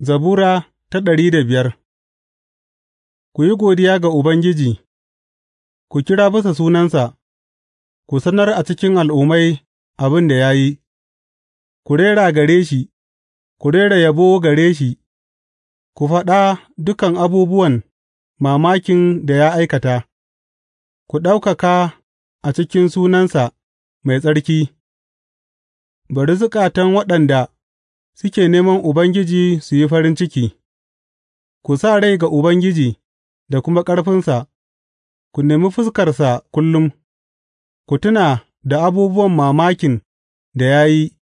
Zabura ta ɗari da biyar Ku yi godiya ga Ubangiji, ku kira bisa sunansa, ku sanar a cikin al'ummai abin da ya yi, ku rera gare shi, ku rera yabo gare shi, ku faɗa dukan abubuwan mamakin da ya aikata, ku ɗaukaka a cikin sunansa mai tsarki, bari zukatan waɗanda suke neman Ubangiji su yi farin ciki, ku sa rai ga Ubangiji da kuma ƙarfinsa, ku nemi fuskarsa kullum, ku tuna da abubuwan mamakin da ya yi,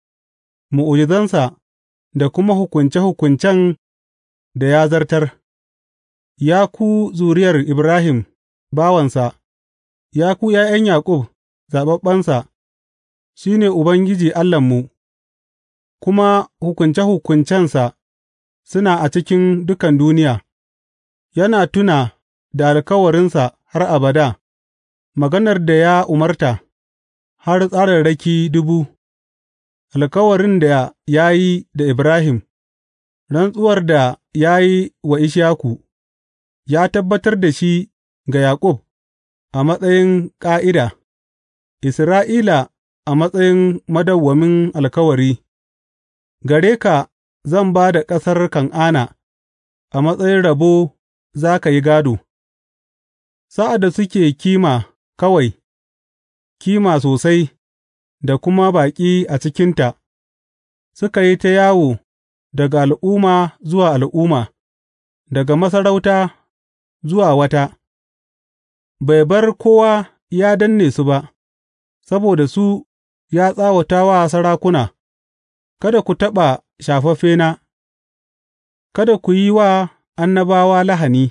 mu'ujizansa da kuma hukunce hukuncen da ya zartar, ya ku zuriyar Ibrahim bawansa, ya ku ’ya'yan Yaƙub zaɓaɓɓensa, shi ne Ubangiji Allahnmu. kuma hukunce hukuncensa suna a cikin dukan duniya; yana tuna da alkawarinsa har abada, maganar da ya umarta, har tsararraki dubu, alkawarin da ya yi da Ibrahim, rantsuwar da ya yi wa Ishaku, ya tabbatar da shi ga Yaƙub a matsayin ƙa'ida, Isra'ila a matsayin madawwamin alkawari. Gare ka zan ba da ƙasar Kan'ana a matsayin rabo za ka yi gādo, sa'ad da suke kima kawai, kima sosai, da kuma baƙi a cikinta, suka yi ta yawo daga al'umma zuwa al'umma, daga masarauta zuwa wata, bai bar kowa ya danne su ba, saboda su ya tsawata wa sarakuna. Kada ku taɓa shafaffena; kada ku yi wa annabawa lahani,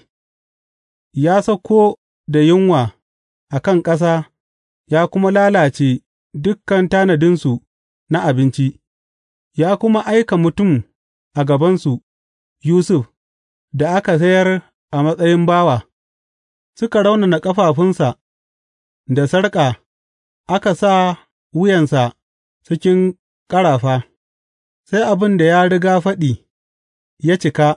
Ya sauko da yunwa a kan ƙasa ya kuma lalace dukan tanadinsu na abinci, ya kuma aika mutum a gabansu, Yusuf, da aka sayar a matsayin bawa, suka raunana ƙafafunsa da sarƙa aka sa wuyansa cikin ƙarafa. sai abin da ya riga faɗi ya cika,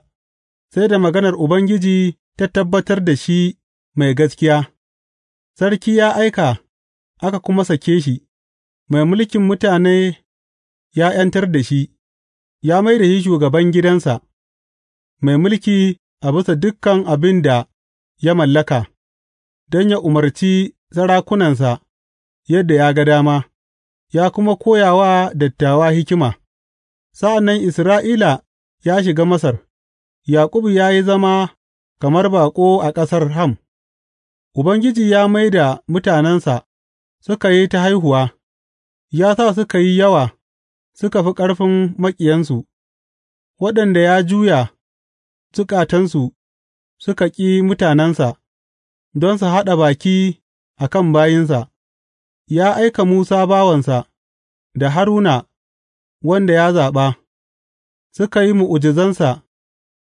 sai da maganar Ubangiji ta tabbatar da shi mai gaskiya, sarki ya aika aka kuma sake shi, mai mulkin mutane ya ’yantar da shi, ya mai da shi shugaban gidansa, mai mulki a bisa dukan abin da ya mallaka, don ya umarci sarakunansa yadda ya ga dama, ya kuma koya wa dattawa hikima. Sa'an nan Isra'ila ya shiga Masar, Yaƙub ya yi zama kamar baƙo a ƙasar Ham; Ubangiji ya mai da mutanensa suka yi ta haihuwa, ya sa suka yi yawa suka fi ƙarfin maƙiyansu, waɗanda ya juya zukatansu suka ƙi mutanensa don su haɗa baki a kan bayinsa, ya aika Musa bawansa da Haruna. wanda ya zaɓa, suka yi mu'ujizansa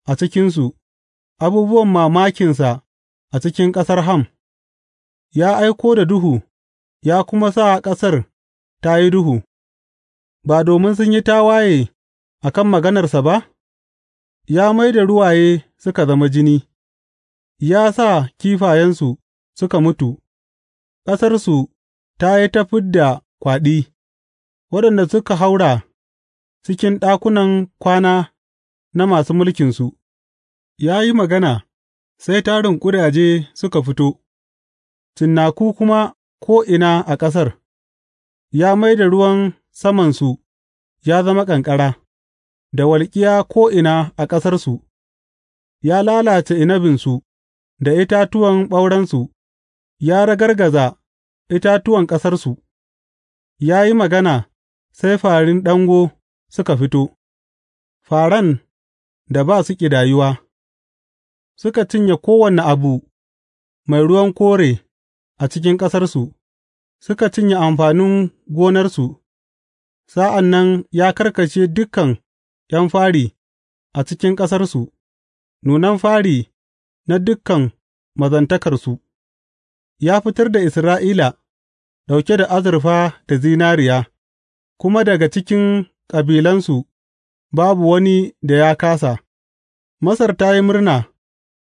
a cikinsu, abubuwan mamakinsa a cikin ƙasar Ham, ya aiko da duhu ya kuma sa ƙasar ta yi duhu, ba domin sun yi tawaye a kan maganarsa ba? Ya mai da ruwaye suka zama jini, ya sa kifayensu suka mutu, ƙasarsu ta yi ta fid da kwaɗi, waɗanda suka haura cikin ɗakunan kwana na masu mulkinsu, ya yi magana, sai tarin ƙudaje suka fito, cinnaku kuma ko'ina a ƙasar, ya mai da ruwan samansu ya zama ƙanƙara, da walƙiya ko'ina a ƙasarsu, ya lalace inabinsu da itatuwan ɓaurensu, ya ragargaza itatuwan ƙasarsu, ya yi magana, sai farin ɗango suka fito, Faran da ba su ƙidayuwa, suka cinye kowane abu mai ruwan kore a cikin ƙasarsu, suka cinye amfanin gonarsu, sa'an nan ya karkace dukan ’yan fari a cikin ƙasarsu, nunan fari na dukan mazantakarsu, ya fitar da Isra'ila ɗauke da azurfa da zinariya, kuma daga cikin kabilansu, babu wani da ya kāsa; Masar ta yi murna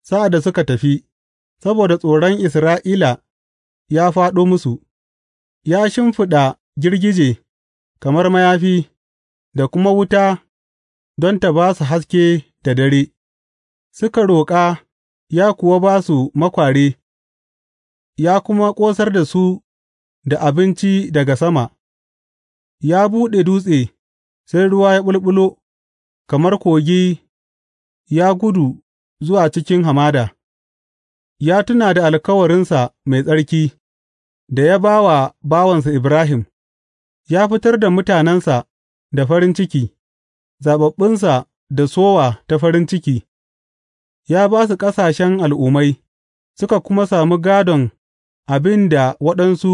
sa'ad da suka tafi, saboda tsoron Isra'ila ya fāɗo musu; ya shimfiɗa girgije kamar mayafi da kuma wuta don ta ba su haske da dare; suka roƙa ya kuwa ba su makware ya kuma ƙosar da su da abinci daga sama; ya buɗe dutse. sai ruwa ya ɓulɓulo kamar kogi ya gudu zuwa cikin hamada; ya tuna da alkawarinsa mai tsarki da ya ba wa bawansa Ibrahim, ya fitar da mutanensa da farin ciki, zaɓaɓɓunsa da sowa ta farin ciki, ya ba su ƙasashen al'ummai, suka kuma sami gādon abin da waɗansu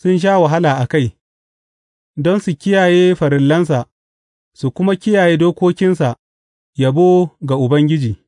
sun sha wahala a kai, don su kiyaye farillansa. su kuma kiyaye dokokinsa, yabo ga Ubangiji.